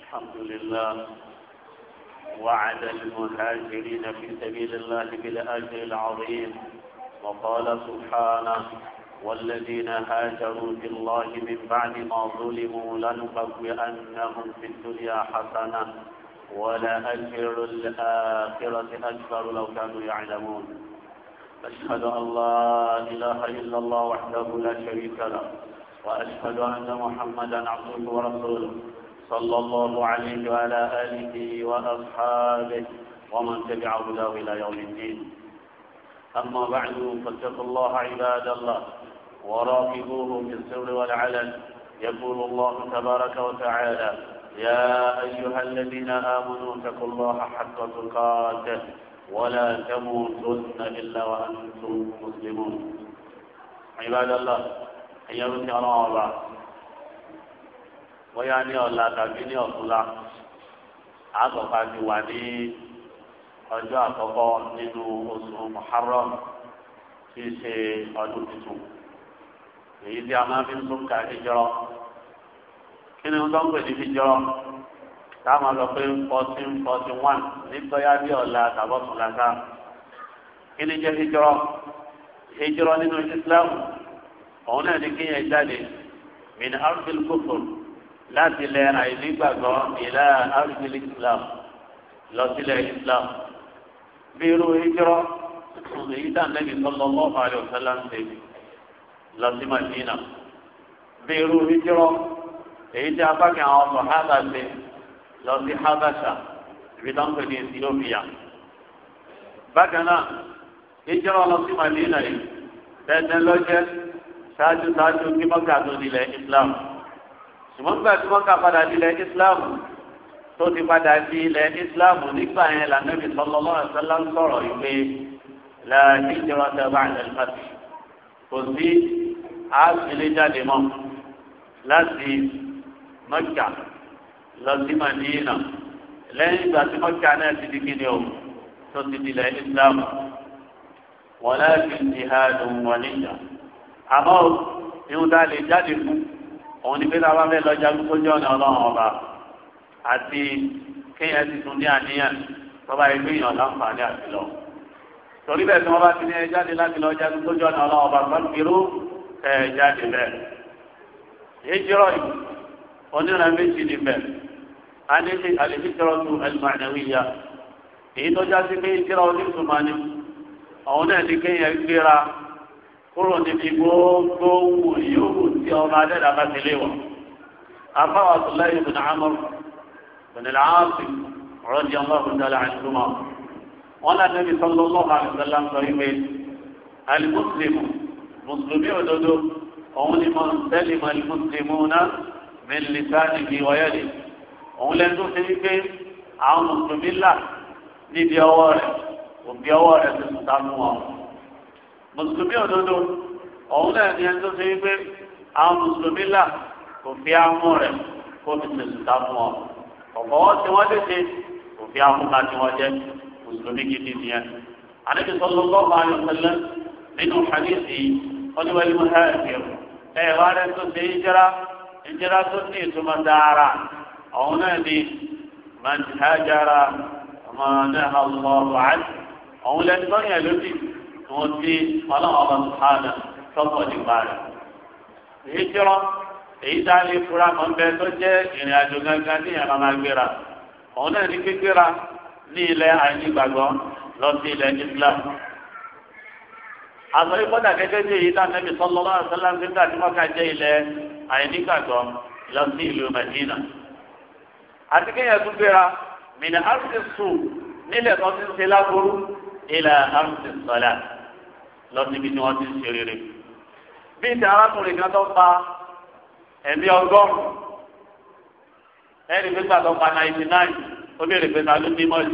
الحمد لله وعد المهاجرين في سبيل الله بالأجر العظيم وقال سبحانه والذين هاجروا في الله من بعد ما ظلموا لنبوئنهم في الدنيا حسنة ولا أجر الآخرة أكبر لو كانوا يعلمون أشهد أن لا إله إلا الله وحده لا شريك له وأشهد أن محمدا عبده ورسوله صلى الله عليه وعلى آله وأصحابه ومن تبع هداه إلى يوم الدين أما بعد فاتقوا الله عباد الله وراقبوه في السر والعلن يقول الله تبارك وتعالى يا أيها الذين آمنوا اتقوا الله حق تقاته ولا تموتن إلا وأنتم مسلمون عباد الله أيها الله bóyá ní ọ̀la tàbí ní ọ̀túnla àgọ́fà ti wà ní ọjọ́ àkọ́kọ́ nínú oṣù Muharram tí í ṣe ọdún tuntun èyí tí a máa fi ń súnkà ìjọ kí ni wọ́n pè ní ìjọ táwọn lọ pé fourteen forty one nígbọ́yá bí ọ̀la tàbọ̀túnla ká kí ni jẹ́ ìjọ ìjọ nínú Islam òun náà ní kíyàn jáde min arfil láti lẹ àìnígbàgbọ́ ìlà àrùsílẹ̀ islam lọ sílẹ̀ islam bí irú ìjọ èyí tá nẹ́bí sọ́lọ́ lọ́ọ̀fà rẹ̀ ọ̀sẹ́lá ń ṣe lọ sí madina bí irú ìjọ èyí tí abákẹ́ àwọn ọmọ hábà ṣe lọ sí habasha ibi tó ń pè ní ethiopia bákan náà ìjọ lọ sí madina yìí tẹ́tẹ́ lọ́jẹ́ ṣáájú ṣáájú kí mọ́kà tó islam ṣùgbọ́n gbà tí wọ́n kà padà di ilẹ̀ Islam tó ti padà di ilẹ̀ Islam nígbà yẹn lànàbì sallallahu alaihi wasallam sọ̀rọ̀ ìpè la hijrata ba'da al-fath kò sí àásìlè jáde mọ́ láti Mẹ́kà lọ sí Madina lẹ́yìn ìgbà tí Mẹ́kà náà ti di kíni o tó ti di ilẹ̀ Islam walakin jihadun wa niyya àmọ́ ìhun tá a lè jáde fún òun ni pé tá a bá fẹ́ lọ jagun tó jẹ́ ọ̀nà ọlọ́run ọba àti kéèyàn ti tún ní àníyàn tọ́ba ẹgbẹ́ èèyàn láǹfààní àti lọ. torí bẹ́ẹ̀ tí wọ́n bá ti ní ẹ jáde láti lọ jagun tó jẹ́ ọ̀nà ọlọ́run ọba tó kiri ẹ jáde bẹ́ẹ̀. hijrọ̀ yìí onírànà méjì ni bẹ́ẹ̀ a ní àlejò tó ẹlùmọ̀nàwíyà èyí tó já sí pé hijrọ̀ onítùmọ̀ ni òun náà ní kéèyàn gbéra kúrò níbi gbogbo wù tí ọba adẹ́dà bá ti léwọ̀. afáwọn abdullahi ibn amr ibn al-aasi rọ́jì ọlọ́run dàlẹ́ àìsùnmọ́. wọn lànà ibi sọ́dọ̀ lọ́wọ́ àìsàlá ń sọ ìwé alimuslimu mùsùlùmí òdodo òun ni wọn sẹ́lẹ̀ mọ́ alimuslimu náà mẹ́lẹ́sáàdì bíi wáyọ̀dẹ̀. òun lẹ́nu tó ṣe wípé àwọn mùsùlùmí là níbi ọwọ́ rẹ̀ òbí ọwọ́ rẹ̀ tuntun ta mú wọn. mùsùlùmí òdodo òun náà ni ẹni tó ṣe wípé àwọn mùsùlùmí là kò fi àwọn rẹ̀ kó fi tẹ̀sùn ta fún ọ ọ̀pọ̀ wọn tí wọ́n tètè kò fi àwọn ta tí wọ́n jẹ́ mùsùlùmí gidi nìyẹn. àdébí sọ́dọ̀ lọ́wọ́ ayọ̀ tẹ́lẹ̀ nínú hadithi ọdúnwẹ́lú hẹ́ẹ̀kẹ́ ẹ̀ wá rẹ̀ tó ṣe ìjẹ́ra ìjẹ́ra tó ní ìtumọ̀ dára ọ̀hún náà ni man hajara ọmọdé ọlọ́wọ́ àti ọ̀hún lẹ́nu tó yẹ lódì tó ti ọlọ́wọ́ ọlọ́wọ́ hijira èyí tá a lè fura mọ́ bẹ́ẹ̀ tó jẹ́ ìrìn àjò gangan ní ìyàrá máa gbéra òun náà ní gbígbéra ní ilẹ̀ àìnígbàgbọ́ lọ sí ilẹ̀ Islam. àtọ̀ ìfọ́dà gẹ́gẹ́ bí èyí tá a nẹ́bi sọ́lọ́ lọ́wọ́ sọ́lá ń gbégbá tí wọ́n ká jẹ́ ilẹ̀ àìnígbàgbọ́ lọ sí ìlú Medina. àti kéèyàn tún gbéra mìnà àrùsísù nílẹ̀ tó ti ń ṣe lágbóró ilẹ̀ àrùsísọ̀lá lọ síbi tí wọ́n ti ń ṣe rere bí ìdí arákùnrin kan tó pa ẹ̀mí ọgọ́rùn-ún ẹ̀rí pípa tó pa náìtì náì ó béèrè pé ta ló ní mọ́lì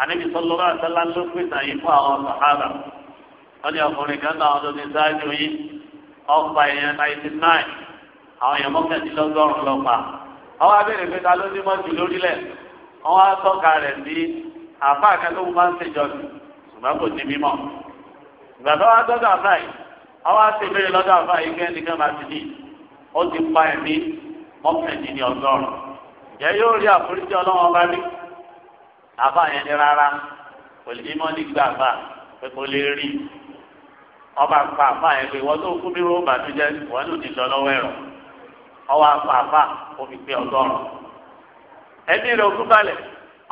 àníbi sọ́lọ́ bá sẹ́lá ló pèsè yìí fún àwọn sàhábà wọ́n ní ọkùnrin kan náà tó ti sáájú yìí ọ̀pá èèyàn náìtì náì àwọn èèyàn mọ́kàndínlọ́gọ́rùn-ún ló pa àwọn abẹ́rẹ́ pé ta ló ní mọ́lì lórílẹ̀ àwọn atọ́ka rẹ̀ sí àfáà kan tó máa ń ṣèjọ́sìn ṣùgbọ́n kò ní mímọ́ ìgbà tó àwọn aṣèbéèrè lọ́dọ̀ àfa ìgbẹ́ nìkan bá ti ní ó ti pa ẹ̀mí mọ́kàndín ní ọgọ́rùn jẹ́ yóò rí àforíjì ọlọ́wọ́n bá rí àfa yẹn ní rárá kò lè mímọ́ ní gbàgbà pé kò lè rí ọba pa àfa yẹn pé wọ́n tó kú bí wọ́n bá tó jẹ́ wọ́n lò ní lọ́lọ́wọ́ ẹ̀rọ ọwọ́ apá àfa ó fi pé ọgọ́rùn ẹni rẹ̀ òkú balẹ̀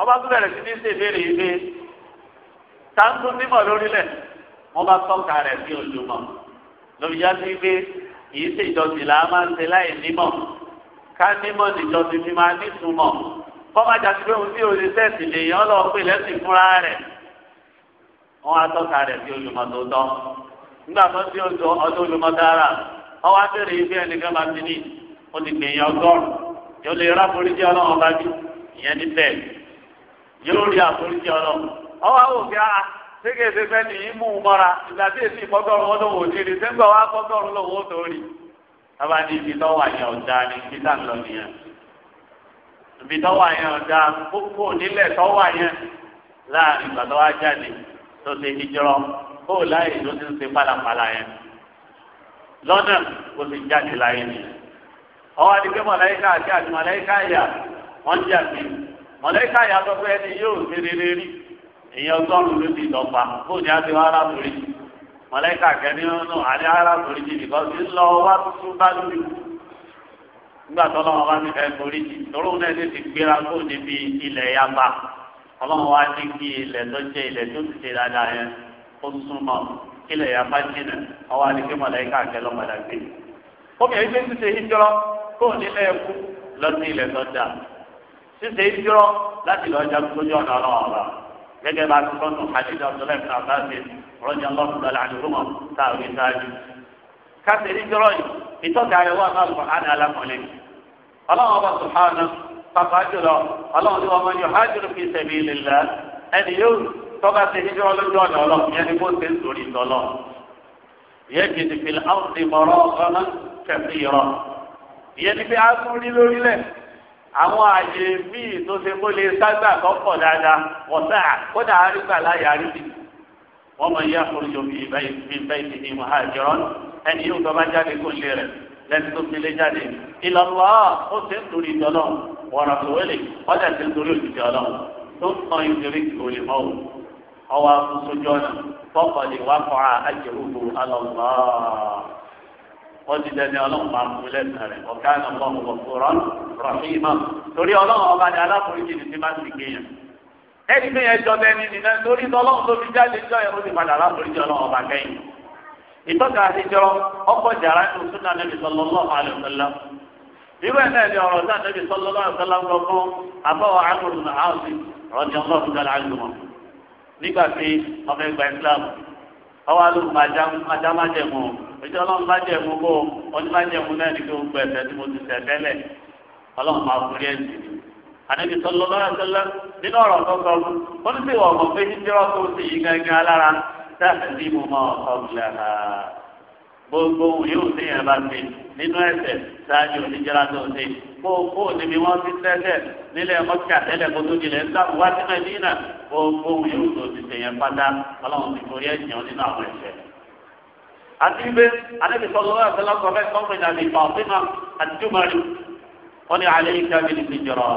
ọba tó bẹ̀rẹ̀ sí ní ṣèbéèrè yìí pé táǹtù nímọ̀ lórílẹ̀ wọ́n bá tọ́ka rẹ̀ sí olùmọ̀. lóbi já sí pé kì ṣe ìjọsìn là á máa ń ṣe láì nímọ̀ ká nímọ̀ nìjọsìn fi máa nítumọ̀ kọ́má pé òun tí o lè sẹ́ẹ̀sì lọ pé lẹ́sìn fúnra rẹ̀ wọ́n á tọ́ka rẹ̀ sí olùmọ̀tò tán nígbà tó ti ọdún olùmọ̀tò ara wọ́n wá ibi ẹnìkan ti ní o ọgọ́rùn yóò lè rá foríjì ọlọ́run bá ìyẹn yóò rí àforíjì sége ṣe fẹ́ nìyí mú un mọ́ra ìgbà tí èsì ìfọ́gọ́rùn wọn lòun ò ní rí sẹ́ńgbà wa fọ́gọ́rùn lòun ó tó rí bàbá ní ibi tọ́wọ́ àyàn ọ̀dà ní títà lọ nìyẹn ibi tọ́wọ́ àyàn ọ̀dà kókó nílẹ̀ tọ́wọ́ àyàn láàrin ìgbà tọ́wọ́ ajáde tó ṣe ìjọrọ kó o láyè tó ti ń ṣe pálapàla yẹn lọ́nà kó ti jáde láyé ni ọwọ́ adigun mọ̀láyíká àti àti mọ̀láyíká àyà wọ́n jà sí mọ̀láyíká àyà tó fẹ́ ni yóò ṣe rere rí. èèyàn ọgọ́rùn ló ti lọ́pa bóòdì àti arábìnrin mọ̀lẹ́kà kẹ́ni ọ̀nà àlẹ́ arábìnrin ti nìkan ti ń lọ wá tuntun bá lórí nígbà tó lọ́wọ́ bá ti fẹ́ náà ti ti gbéra kó níbi ilẹ̀ yaba ọlọ́wọ́ wá ní kí ilẹ̀ tó jẹ́ ilẹ̀ tó ti ṣe dáadáa yẹn ó súnmọ́ ilẹ̀ ọwọ́ mọ̀lẹ́kà kẹ́ gbé. kó gẹ́gẹ́ bá ti sọ́nù hadith abdullahi bin abbas rọ́jà lọ́sùn lọ́la àdúgbò táwọn ìsáájú. káṣí ní jọrọ yìí ìtọ́ka ayọ̀wọ́ àbáwọ̀ àná alákọ̀ọ́lẹ̀. ọlọ́run ọba sùhánà pàpà jùlọ ọlọ́run tí wọ́n mọ yóò hájú fi sẹ̀bi ìlẹ̀lá ẹni yóò tọ́ka ṣe ní jọrọ lójú ọ̀nà ọlọ́run yẹn ni kó ṣe ń sòrí ìtọ́lọ́ àwọn àyè míì tó ṣe kó lè ságbà kọ́kọ̀ dáadáa ọ̀sá kódà àrígbà láyé àríbí wọ́n mọ̀ yá foríjọ bíi bẹ́ẹ̀ ti ní mọ̀hájọ́rọ́ ẹni yóò tọ́ bá jáde kó lè rẹ̀ lẹ́ni tó ti lé jáde ìlọ́lọ́ ó ti ń torí ìjọlọ́ wọ̀rọ̀ tó wẹ́lẹ̀ ọjà ti ń torí òjijì ọlọ́run tó ń tan ìdírí òlè mọ́ òun ọwọ́ akúnṣojú ọ̀nà fọ́kànlélọ́kọ̀ àjẹwò wọ́n ti dẹni ọlọ́run máa fún lẹ́sìn rẹ̀ ọ̀gá ẹ̀ lọ́wọ́ ọ̀gbọ̀ fúnra rọ̀hìmọ̀ torí ọlọ́run ọba ni aláforíjì ni ti máa ń sìnkè yẹn. ẹni tó yẹn jọ bẹ́ẹ̀ ni nìyẹn torí tọ́lọ́run tó fi jáde jọ yẹn ti padà aláforíjì ọlọ́run kẹ́yìn. ìtọ́ka àtijọ́ ọkọ̀ jàrá ní sunna náà ni ọ̀rọ̀ sáà nàbì sallallahu ìjọ ọlọ́run bá jẹ́ mú bó ọdún bá jẹ́ mú náà ní kí o gbẹ ẹ̀ṣẹ̀ tí mo ti ṣẹ̀ tẹ́lẹ̀ ọlọ́run máa fún yẹn sí i. àdébí sọlọ lọ́rọ̀ sọlọ nínú ọ̀rọ̀ tó sọ ó ní sèwọ̀ ọmọ pé jíjọ́ tó ti yí gangan lára dáàbì tí mo mọ ọ̀gbìn gbogbo yóò ní ẹ̀rọ àti nínú ẹsẹ̀ ṣáájú oníjẹ́ra tó ṣe gbogbo níbi wọ́n ti tẹ́tẹ̀ nílẹ̀ mọ́tíkà tẹ́lẹ̀ kó tó dilẹ̀ ń sáà wá sí mẹ́dínà gbogbo yóò tó ti pátá ọlọ́run ti forí ẹ̀jẹ̀ nínú àwọn ẹ̀ṣẹ̀ àti pé alẹ́bi sọ lọ́wọ́ àti lọ́sọ̀ fẹ́ sọ́kùn ìdàbí Fàtímà àti Jùmọ̀lù wọ́n ní alẹ́ yìí ká bìlì ti jọ̀rọ̀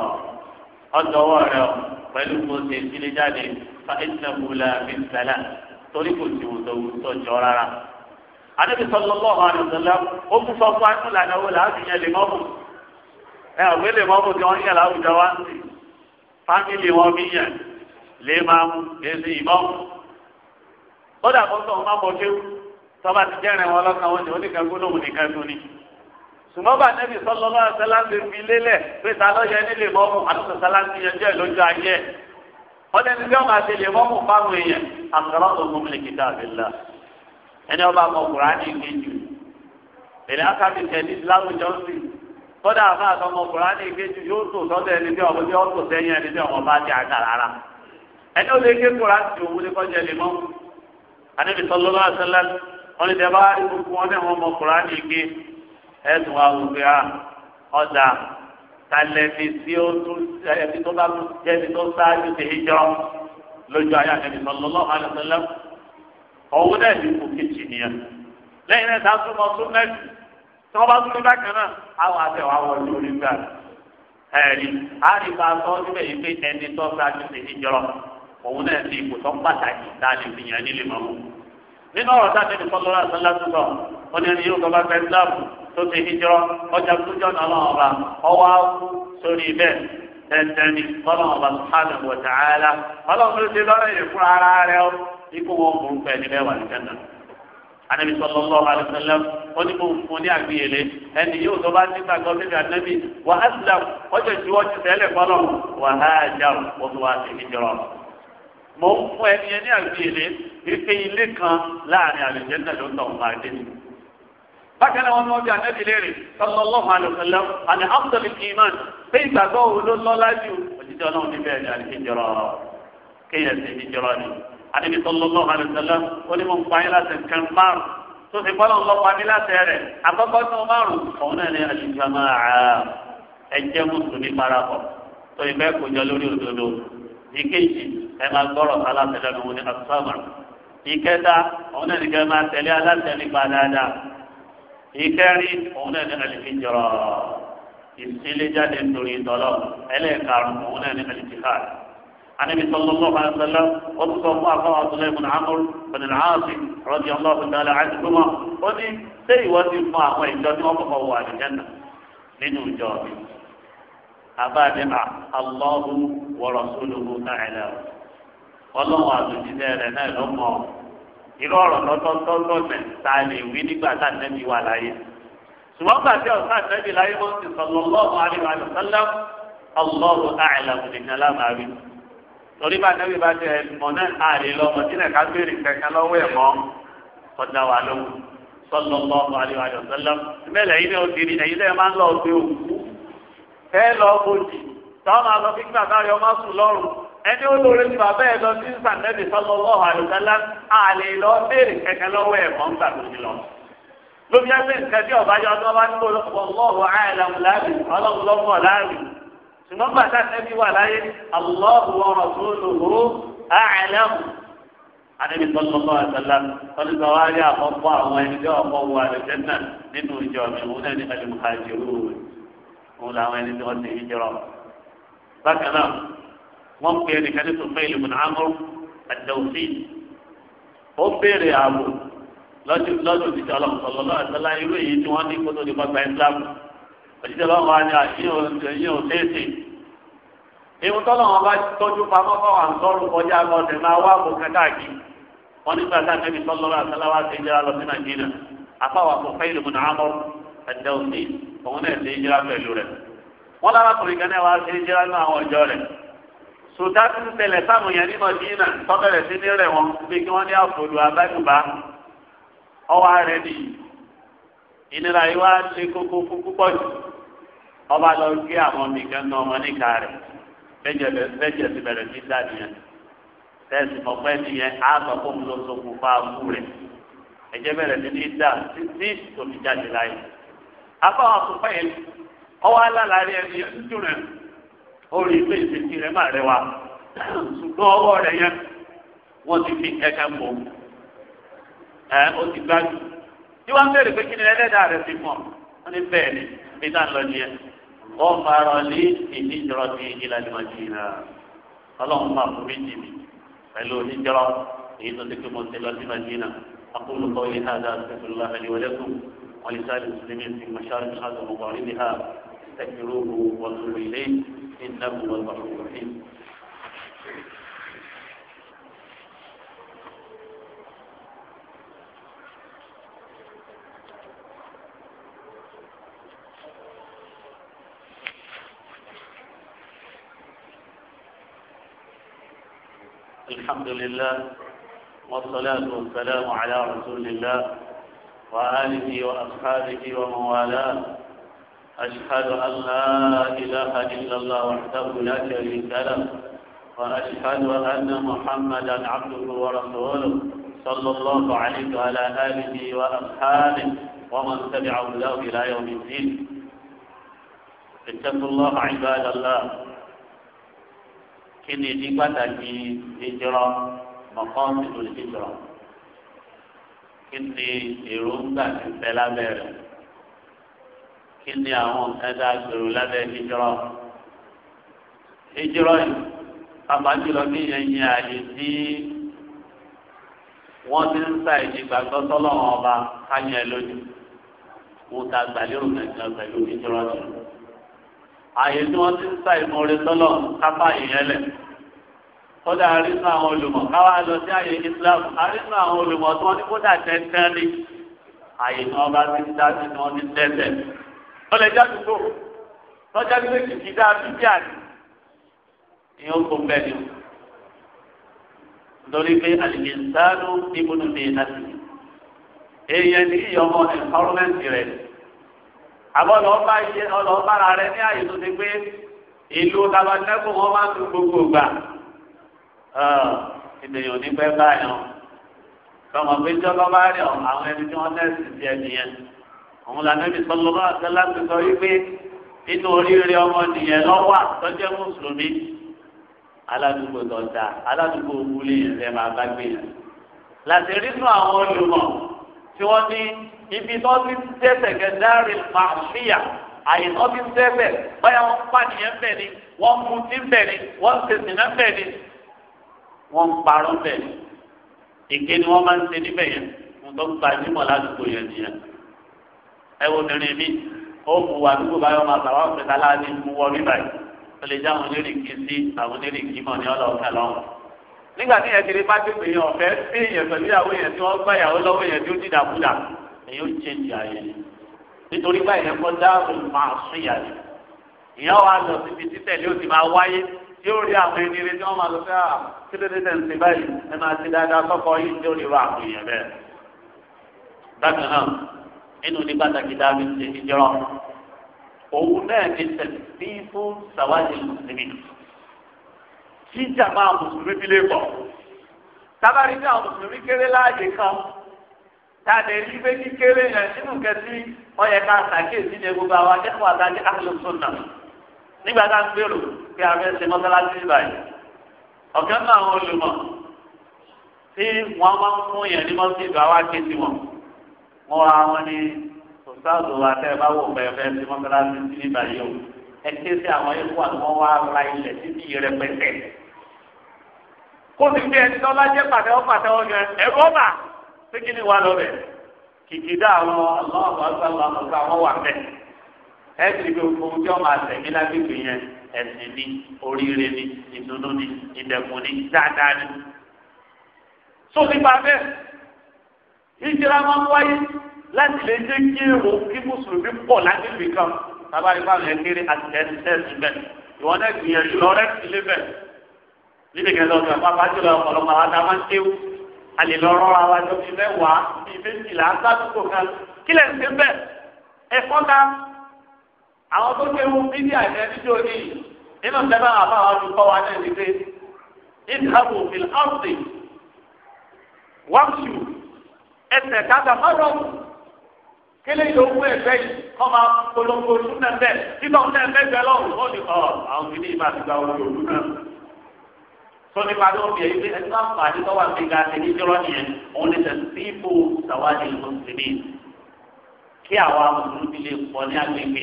ọ̀dọ́wọ́ rẹ̀ pẹ̀lú kò ṣe ìdílé jáde fa ìtẹ̀kùlà mi sẹ́lẹ̀ torí kò sí òtòwò tó jọ rárá. alẹ́bi sọ lọ́wọ́ àti sọ́lá ó kú sọ fún àtúntò lànà wò láti yẹ lèmọ́mù ẹ òwe lèmọ́mù tí wọ́n yẹ láwùjọ wá sí fámìlì wọn bí yẹ lè èsì ìmọ̀ tọ́ba ti jẹ́rìn wọn lọ́kàn wọn ni oníkan gbólóhùn nìkan tó ní. ṣùgbọ́n bá nẹ́bí sọ́lọ́ bá sáláńtì fi lélẹ̀ pé ta ló yẹ nílé mọ́mù àtúntò sáláńtì yẹjọ́ ẹ̀ lójú ayé. wọ́n ní bí ọba ti lè mọ́mù fáwọn èèyàn àkàrà ògùn lè kíta àbílà. ẹni ọba mọ kùránì kejì èlé akábí tẹ̀lé láwùjọ sí kódà àbá àtọmọ kùránì kejì yóò tó sọ́dọ̀ ẹni bí ọmọdé ọ̀tọ̀ sẹ́yìn ẹni bí ọmọ ti àgbà rárá ẹni ó lè ké kùránì òun ní kọjá lè mọ́ wọ́n lè tẹ́lá gbogbo wọn náà wọ́n mọ kùránì gbé ẹ̀sùn wa ọ̀dà talẹ̀mí tí ó tún tó bá jẹ́ ẹni tó sáájú ti hijọ́ lójú ayé àtẹ̀mí sọlọ́lọ́ àlùfẹ́lẹ́ ọ̀hún náà ní kò kejì nìyẹn lẹ́yìn náà tá a tún tí wọ́n bá bákan náà àwọn àwọn orí gbà ẹ̀rí àríwá sọ síbẹ̀ yìí pé tó sáájú ti nínú ọ̀rọ̀ tá a tẹ̀lé fọlọ́lá sọlá tó sọ wọn ni yóò gbọ́dọ̀ fẹ́ islam tó ti hijrọ ọjà kújọ náà lọ́wọ́ ọba ọwọ́ awú sórí bẹ́ẹ̀ tẹ̀tẹ̀ni ọlọ́wọ́ ọba sùhánà wọ̀ tààlà ọlọ́wọ́ ti lọ́rọ̀ yìí fún ara rẹ ó ikú wọn kò ń fẹ́ ní wà ní tẹ́tẹ̀ anabi sọlọlọ alẹsẹlẹ wọn ni mo fún ní àgbéyẹlé ẹni yóò tó bá nígbà gbọ́ bíbí anabi wà á ìṣúwọ́ ti tẹ́lẹ̀ fọlọ́ wà á jà wọ́n mò ń fún ẹni ẹni àgbélé wípé ilé kan láàrin àlùjẹ́ńdà ló ń tọ̀ máa dé. bákan náà wọn ni wọn bí anábì léèrè sallallahu alaihi wasallam àni afdal iman pé ìgbàgbọ́ wo ló lọ́lá jù òjijì ọlọ́run níbẹ̀ ni àlùjẹ́jọ́rọ̀ kéèyàn sì ní jọrọ ni àdébí sallallahu alaihi wasallam ó ní láti nǹkan márùn tó ti gbọ́dọ̀ ń lọ pàdé àkọ́kọ́ ẹ máa gbọ́rọ̀ aláṣẹlẹ̀ lòun ní asámà ìkẹta òun náà nìkan máa tẹ̀lé aláṣẹ nípa dáadáa ìkẹrin òun náà ní alìfíjọrọ ìsíléjáde nítorí ìtọ́lọ́ ẹlẹ́ẹ̀karùn-ún òun náà ní alìfíjọrọ النبي صلى الله عليه وسلم وصف الله عبد الله بن عمرو بن العاص رضي الله تعالى عنهما ودي سي ودي ما هو إنجاز ما هو على الجنة لنو جابي أبادع الله ورسوله أعلم ọlọ́run àtòjíṣẹ́ rẹ̀ náà ló mọ̀ irú ọ̀rọ̀ lọ́tọ́tọ́tọ́tẹ̀ ta lè wí nígbà tá nẹ́bí wà láyé ṣùgbọ́n gbà tí ọ̀sán àtẹ́bí láyé wọ́n ti sọ̀rọ̀ lọ́wọ́ àríwá àlùsálàm ọlọ́run àìlàmù nìkan lámàrí torí bá nẹ́bí bá jẹ mọ̀ náà àlè lọ́mọ tí nìkan béèrè kankan lọ́wọ́ ẹ̀ mọ́ ọ̀dà wà lóhùn sọ̀rọ̀ lọ́wọ́ àríwá àlùsálàm mẹ́lẹ̀ ẹni olóore ti bàbá ẹ lọ sí sànẹ́bì sọ́lọ́ lọ́wọ́ àlùkálá àlè lọ béèrè kẹ̀kẹ́ lọ́wọ́ ẹ̀ mọ́ ń gbà lójú lọ. lóbi ẹgbẹ́ nǹkan bí ọ̀bá yọ ọdún ọba ní ọlọ́wọ́ àìlàmù láàbì ọlọ́wọ́ lọ́wọ́ láàbì ṣùgbọ́n bàtà sẹ́bí wà láyé àlọ́wọ́ ọ̀rọ̀ tó lòó àìlàmù. àdébí sọ́lọ́ lọ́wọ́ àtàlá ọdún wa àkọ́kọ́ wọn pe ẹnìkan ní Tufayl ibn Amr ad-Dawsi ó béèrè ààbò lọ́dún lọ́dún títí ọlọ́mọsọ̀lọ́ lọ́wọ́ àtàlá irú èyí tí wọ́n ní kótó ní gbàgbà ìsìlámù òṣìṣẹ́ lọ́wọ́ ni àyíyàn òṣèṣì ìwọ̀n tọ́lọ̀ wọn bá tọ́jú pamọ́ fáwọn àǹtọ́rù kọjá ọ̀sẹ̀ máa wá àbò kàkàkì wọn nígbà táwọn ẹbí tọ́lọ́ lọ́wọ́ àtàlá wá sí ìjọra lọ sí Nàìjíríà afáwà Tufayl ibn Amr ad òun náà ṣe ìjọra pẹ̀lú rẹ̀ wọ́n lára kùnrin kan náà wá sí ìjọra náà àwọn ọjọ́ rẹ̀ sùdá tó ń tẹlẹ sáwọn yẹn ní mọdínà tọ́bẹ̀rẹ̀ sí ní rẹ̀ wọn pé kí wọ́n ní àfòlù abẹ́kùnbá ọwọ́ rẹ̀ ni ìnira yìí wá lé kókó púpọ̀ jù ọba lọ gbé àwọn nìkan náà ọmọ níka rẹ̀ bẹ́jẹ̀ sì bẹ̀rẹ̀ sí dáàbì yẹn tẹ́sí mọ̀pẹ́ nìyẹn á sọ fún mi lọ́sọ̀kù fáwọn rẹ̀ ẹ̀jẹ̀ bẹ̀rẹ̀ sí ní dà títí tòmí láyé. afọwọ́n àkùnfẹ́ yẹn ọwọ́ alálàárí ẹni yẹn ń dùn rẹ̀ ó rí pé ìfèsì rẹ̀ máa rẹwà ṣùgbọ́n ọwọ́ rẹ̀ yẹn wọ́n ti fi kẹ̀kẹ́ mọ́ ẹ ó ti gbájú tí wọ́n bẹ̀rẹ̀ pé kí ni ẹlẹ́dàá rẹ̀ ti mọ̀ wọ́n ní bẹ́ẹ̀ ni peter lọ ni ẹ wọ́n farọ ní ìdí ìjọrọ ti ìlànà ìlànà ọlọ́run máa fún méjì mi pẹ̀lú oníjọrọ èyí tó ti pé mo ti lọ sí madina kọ́ ilé hàdá àti ẹni wọlé kù wọn lè sáré استغفروه وتوبوا إليه إنه هو الغفور الرحيم الحمد لله والصلاة والسلام على رسول الله وآله وأصحابه ومن والاه أشهد أن لا إله إلا الله وحده لا شريك له وأشهد أن محمدا عبده ورسوله صلى الله عليه وعلى آله وأصحابه ومن تبعه له إلى يوم الدين اتقوا الله عباد الله كني ديبتا في هجرة مقاصد الهجرة كني إيروندا في بلا kí ni àwọn nǹkan tá a gbèrò lábẹ́ hijrọ́ hijrọ́ yìí pàpà jùlọ ní ìyẹn àyè tí wọ́n ti ń sa ìdìgbàgbọ́ sọ́lọ́wọ́n ọba káyọ̀ lónìí mo ta gbàlérò kankan pẹ̀lú hijrọ́ yìí àyè tí wọ́n ti ń sa ìmọ̀ọ́rẹ́ sọ́lọ́ kápá ìyẹn lẹ̀ kódà arínú àwọn olùmọ̀ káwá lọ sí àyè Islam arínú àwọn olùmọ̀ tí wọ́n ti kódà tẹ́tẹ́ ní àyè tí wọ́n bá ti ń dá sí ni wọ́n ti tẹ́tẹ́ ọlẹ̀ jádùúgbò lọ́jà gbé kìkì dáa bíbí àná ìyẹn ó gbọ́n bẹ́ẹ̀ ni o lórí pé àlìyé sáánù ìbùdó ní àti èèyàn ní ìyọmọ ẹ̀fọ́rọ́mẹ́ǹtì rẹ̀ àbọ̀ lọ́ọ́bá iye ọlọ́ọ́bára rẹ̀ ní àyè tó ti pé ìlú tabatẹ́kùn wọn máa ń lu gbogbo gbà ènìyàn ní pẹ́ báyọ̀ tọmọ pé jọlọ́bá rẹ̀ àwọn ẹni tí wọ́n tẹ̀sí ti ẹ̀ nìyẹn òun là nẹ́bí sọlọ́lá àtẹ́lá ti sọ wípé nínú oríire ọmọ nìyẹn lọ́wọ́ àtọ́jẹ́ mùsùlùmí aládùúgbò tọ́jà aládùúgbò wúlé yẹn fẹ́ máa bá gbé yẹn. láti rí nù àwọn olùmọ̀ tí wọ́n ní ibi tó ti ń tẹ́sẹ̀ gẹ̀dárì máa fìyà àyìnbó ti ń tẹ́sẹ̀ báyà wọ́n pàdìyàn bẹ̀ ni wọ́n mutí bẹ̀ ni wọ́n sèṣìnà bẹ̀ ni wọ́n ń parọ́ bẹ̀ ni èké ni wọ́n máa ń ṣe níbẹ̀ yẹn mo tó gbajúmọ̀ ládùúgbò yẹn nìyẹn ẹ wo obìnrin mi ó mú wa dúró báyọ̀ máa sàrọ̀ ọ̀sẹ̀ta láti mú wọ bíbá yìí ó lè já àwọn onírìkì sí àwọn onírìkì mọ̀ ní ọlọ́ọ̀kẹ́ lọ́wọ́ nígbà tí yẹn ti rí pátìpì yẹn ọ̀fẹ́ sí ìyẹn pẹ̀lú ìyàwó yẹn tí wọ́n gbá ìyàwó lọ́wọ́ yẹn tí ó dìdàkudà èyí ó jẹ ìyà yẹn nítorí báyìí lẹ́kọ́ dáàbò máa sún ìyà yẹn ìyá wa lọ yóò rí àwọn ẹni tí wọ́n máa lọ sí àwọn ah, kílódé tẹ̀ báyìí ẹ máa ti dáadáa sọ́kọ yìí tí ó lè rọ àwọn èèyàn bẹ́ẹ̀. bákan náà nínú ní pàtàkì dábì ṣe ìjọra òun náà ní sẹ̀tì fún sàwájì mùsùlùmí jíjà máa mùsùlùmí fi lè bọ̀ tábàrí ní àwọn mùsùlùmí kéré láàyè kan táàdé rí pé ní kéré yẹn nínú kẹsí ọyẹ ká sàkíyèsí ní gbogbo àwọn akẹ́kọ̀ọ́ àtàkì àlùsùn náà nígbà tá a ń gbèrò pé a fẹ́ ṣe mọ́sálásí báyìí ọ̀kẹ́ náà àwọn olùmọ̀ tí wọ́n máa ń fún yẹn ní mọ́sálásí báwa ké wọn mọ́ra wọn ní sòsáàdù àtẹ bá wò pẹ̀fẹ́ sí mọ́sálásí sí nígbà yìí o ẹ ké sí àwọn ikú àtúwọ́n wá ra ilẹ̀ síbi rẹpẹtẹ. kó sì fi ẹni tọ́lá jẹ́ pàtẹ́wọ́ pàtẹ́wọ́ gan ẹ̀rọ bà sí kí ni wà lọ́bẹ̀ kìkìdá àwọn ọlọ́ọ̀bọ̀ ọ̀sán ọ̀sán àwọn wà bẹ́ẹ̀ ẹsìn bí ohun tí wọn máa tẹ̀mí lágbègbè yẹn ẹsìn ní oríire ní ìdùnnú ní ìdẹ̀kùn ní dáadáa ní. sọ nípa bẹ́ẹ̀ ìjìra máa ń wáyé láti lè jẹ́ kí èrò kí mùsùlùmí pọ̀ lágbègbè kan bàbá yìí báwọn ẹgbẹ́rẹ́ àtẹ̀sẹ̀sì bẹ̀ ìwọ náà gbìyànjú lọ rẹ́ sílé bẹ̀ níbi kẹta ọ̀sẹ̀ pápá jùlọ ọ̀pọ̀lọpọ̀ àwọn adá máa ń tẹ́wọ́ alè lọ rọra wa tó fi mẹ́wàá bíi méjìlá sádùúgbò kan kí lẹ̀ ń ṣe bẹ́ẹ̀ ẹ̀fọ́n ta àwọn tó tẹ́wọ́ bíbí àjẹ níjó ní nínú tẹ́lá àbá àwọn olùkọ́ wa náà ní pé ìdáàbò fìlà ọ̀sìn ẹsẹ̀ káta ọ̀rọ̀ kílẹ̀ ìdókòwò ẹ̀fẹ́ yìí kọ́ máa polongo súnà bẹ́ẹ̀ títọ́ ní ẹ̀fẹ́ bẹ́ẹ̀ lọ́wọ́ ó ní ọ̀ àwọn kìíní ìbá ti gba orí òdu náà. sọ nípa ní obìnrin yìí pé ẹni máa fà ní tọ́wọ́ àti ga àti ní jọ́rọ́ nìyẹn òun ní sẹ́ sípò sàwádìí mùsùlùmí kí àwa mùsùlùmí lè pọ̀ ní agbègbè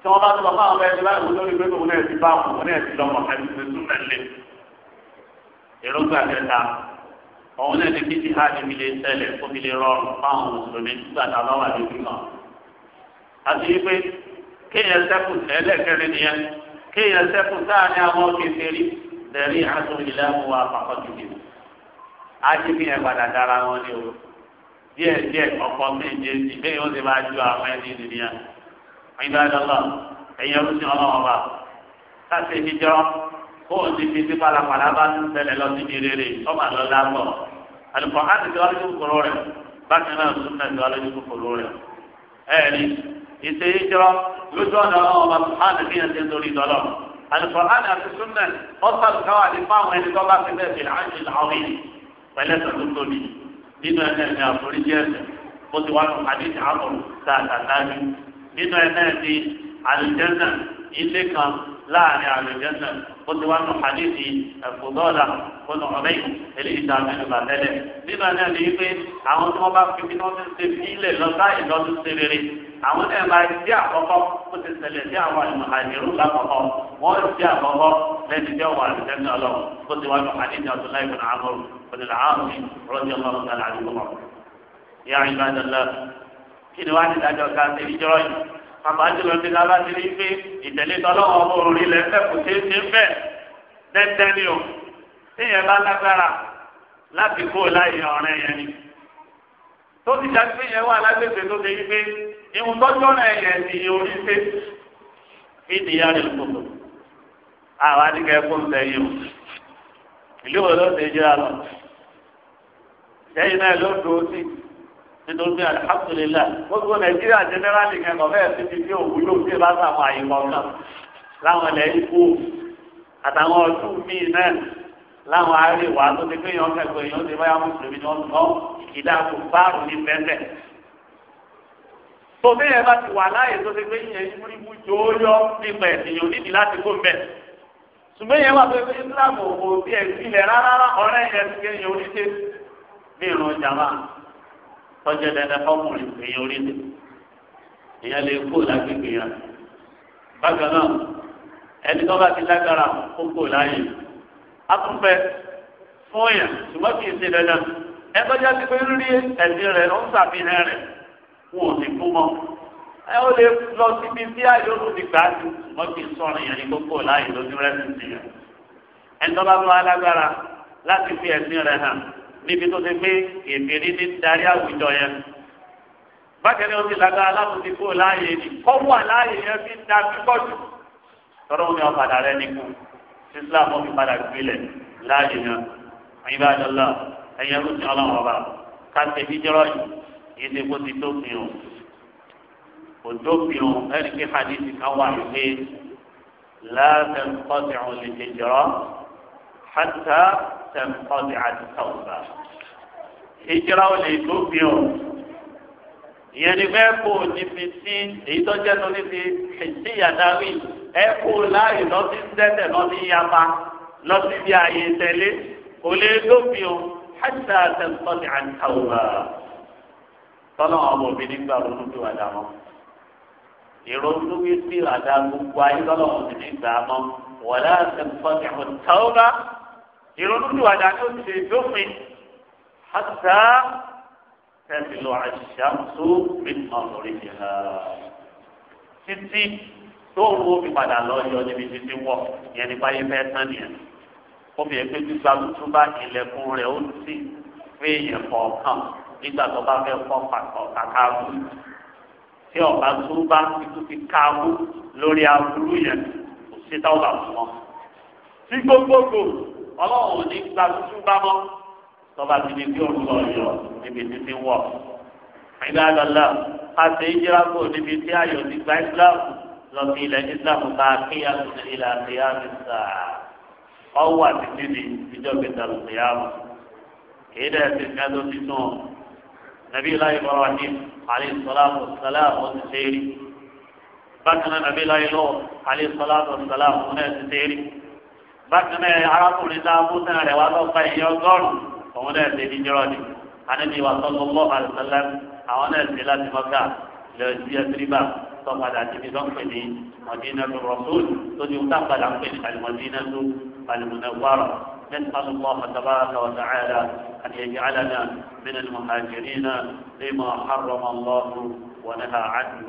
tí wọ́n bá tó bàbá àwọn ẹni láì wọ́n lórí pé òun náà ti bá òun náà òun náà ní títí ha ní ilé ṣẹlẹ̀ kó fi lè rọrùn fáwọn mùsùlùmí nígbà tá a bá wà ní ìgbìmọ̀. àti wípé kéèyàn sẹ́kù ẹlẹ́kẹ̀rin nìyẹn kéèyàn sẹ́kù sáàrin àwọn kékeré lẹ́rìí àtúnyìlẹ̀ àwọn àpapọ̀ kìkì. a ti fi yẹn padà dára wọn ní o díẹ̀ díẹ̀ ọ̀pọ̀ méje ti bẹ́ẹ̀ yóò ti máa ju àwọn ẹni nìyẹn. ìdádọ́lọ́ ẹ̀yẹ ló ti ọlọ́wọ́ bá káṣí ìjọ kóòtù fi sí pálapàla bá ń ṣẹlẹ̀ lọ sí ìrere ọmọ àlọ́ lábọ̀ Al-Qur'an ti wá lójú kòkòrò rẹ̀ bákan náà súnà ti wá lójú kòkòrò rẹ̀ ẹ̀rí ìṣe ìjọ lójú ọ̀nà ọ̀nà ọba sùhánù ní ẹ̀sẹ̀ lórí ìdọ́lọ́ Al-Qur'an àti súnà ọ̀sán káwá ní fáwọn ẹni tó bá ti bẹ́ẹ̀ fi àjù láwìn pẹ̀lẹ́ sọ̀tún tóbi nínú ẹ̀ ní àforíjì ẹ̀sẹ̀ bó ti wá lọ àdéhùn àbọ̀ tààtàtàbí nínú ẹ̀ náà ti àlùjẹ́sẹ̀ ilé kan láàrin àlùjẹ́sẹ̀ ó ti wá ní hadithi ẹ̀fọ́dọ́ọ̀dà fún ọ̀rẹ́ yìí eléyìí tá a mẹ́rin bà tẹ́lẹ̀ nígbà náà ni wípé àwọn tí wọ́n bá fi bí wọ́n ti ń ṣe bílẹ̀ lọ́tà ìlọ́dún ṣe rere àwọn náà máa jẹ́ àkọ́kọ́ ó ti ṣẹlẹ̀ sí àwọn àìmọ̀hàjẹ̀rù lákọ̀ọ́kọ́ wọ́n jẹ́ àkọ́kọ́ lẹ́ni tí wọ́n wà ní sẹ́ni ọlọ́run ó ti wá ní hadithi abdullahi bin amr bin al-aami rọ́jò ọlọ́run tàlà àdúgbò yà ìbàdàn lọ kí ni wàá ti dájọ́ ká ṣe ìjọ́rọ̀ yìí àbájúlọ ti la láti rí pé ìtẹ̀lé tọ́lọ́wọ́ orí ilẹ̀ fẹ́ kò ṣeé ṣe bẹ́ẹ̀ dẹ́dẹ́ ni o téèyàn bá lágbára láti kó láyé ọ̀rẹ́ yẹn ni tó ti dá pé yẹn wà lágbègbè tó ṣe wípé ìhun tọ́jọ́ náà yẹn ti orí pé kí nìyá rẹ̀ kòtò àwọn adìgẹ́ kó ń bẹ yìí o ìlú wo ló ṣe jẹ́ àlọ́ sẹ́yìn náà ló dùn ó sí nítorí pé alihamudulilá gbogbo nàìjíríà jẹnẹrálì kan kọfẹ ẹsẹ ti fi òwú yóò fi bá sàmù àyíkọ kan láwọn ilẹ̀ ikú àtàwọn ọdún míì náà láwọn àríwá tó ti pé yọ̀ọ́ kẹ́kọ̀ọ́ èèyàn ti báyà mùsùlùmí ni wọ́n ìdá kò báàrún ní bẹ́ẹ̀ tòmí ẹ bá ti wà láàyè tó ti pé yẹn ìmúrímú jòóyọ nípa ẹ̀sìn onídìí láti kó mbẹ ṣùgbọ́n yẹn wà pé tọ́jẹ́ dandan fọ́kùnrin èèyàn orí ni èèyàn lè kó lágbègbè yẹn bákan náà ẹni tó bá ti lágbára ó kó láàyè atúnfẹ́ fún èèyàn ṣùgbọ́n kì í ṣe dandan ẹ tọ́já sí pé rírí ẹ̀sìn rẹ̀ ó ń ṣàfihàn rẹ̀ wọn ò sì kú mọ́ ẹ ó lè lọ síbi tí àyè ó ti gbà á sí sọ̀rọ̀ yẹn ní kókó láàyè lójú rẹ̀ sì ti yẹn ẹni tó bá mú alágbára láti fi ẹ̀sìn rẹ̀ hàn níbi tó ti gbé èmìrí ní darí àwùjọ yẹn bákẹ́ni ó ti lágbára láti kó láàyè ni kọ́ wà láàyè yẹn fi ń da pípọ̀jù tọ́rọ omi ọ̀padà rẹ nìkú islam ọ̀fi padà gbilẹ̀ láàyè yẹn ayélujára ẹ̀yẹn ló ti ọlọ́run ọba káṣẹ́ ìdíjọ́rọ̀ yìí èdè kó ti tó fi hàn òjò fi hàn ẹni pé hadithi kan wà wípé láàbẹ̀ ń kọ́ sí àwọn olùdíjọ́rọ̀ hàtà tẹ̀kọ́dì àti tọ̀gbà. ìjìrá ò lè gbófin o ìyẹn ni fẹ́ kó o níbi tí èyí tó jẹ́ tó níbi èsì yàdáwì ẹ kó o láàyè lọ́sí tẹ́tẹ̀ lọ́sí yapa lọ́sí bí ààyè tẹ̀lé ò lè gbófin o hàtà tẹ̀kọ́dì àti tọ́lá ọmọ mi nígbà ronú bí wàdà mọ́ ìrònú wípé àdá gbogbo ayé tọ́lá ọmọ mi nígbà mọ́ wọ́n láti tọ́jú ìrònúkúwàdà ló ti dófin hàtà tẹ̀sílò àṣàmùsù mìíràn lórí ìhà títí tó ń wo ìpadà lọ yọ níbi títí wọ ìyẹn ní báyìí fẹ́ tán nìyẹn ó fi ẹgbẹ́ gbígbà tuntun bá ilẹ̀kùn rẹ̀ ó sì fẹ́ yẹn kọ̀ọ̀kan nígbà tó bá fẹ́ kọ́ pàtó kàkà bù tí ọba tó bá tuntun ti ká bù lórí aburú yẹn kò sí táwọn bá fún wọn. sí gbogbogbò ọlọ́run ò ní gba tútù bá mọ́ tọ́ba ti di bí òun lọ yọ níbi títí wọ̀. ìgbà lọ́la a ti ń yíra kó níbi tí ayọ̀ ti gba islam lọ sí ilẹ̀ islam bá a kéya lóṣù ilẹ̀ àti àmì sáà ọwọ́ àti títí ìjọba ìdàlùmọ̀ yà èyí dẹ̀ ti fẹ́ lọ sí tún nàbí ilá ibrahim alayhi salatu wa salam ti ṣe é rí bákan náà nàbí ilá ilọ́ alayhi salatu wa náà ti ṣe é rí bákan náà arákùnrin náà mọ́tàn rẹ̀ wá lọ́pàá ìyẹn ọgọ́rùn-ún òun náà ṣe ní jọrọ ni anábì wa sọ́kọ́ mọ́ àlùsálẹ́m àwọn náà ṣe láti mọ́kà lọ sí ẹsẹ̀rìbà tó padà síbi tó ń ní mọ̀dínà tó rọ̀sùn tó ti ń padà ń pè ní àlùmọ̀dínà tó àlùmọ̀dínà wàrọ̀ نسأل الله تبارك وتعالى أن يجعلنا من المهاجرين لما حرم الله ونهى عنه